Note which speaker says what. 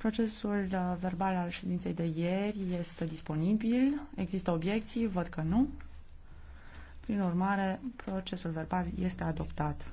Speaker 1: Procesul uh, verbal al ședinței de ieri este disponibil. Există obiecții? Văd că nu. Prin urmare, procesul verbal este adoptat.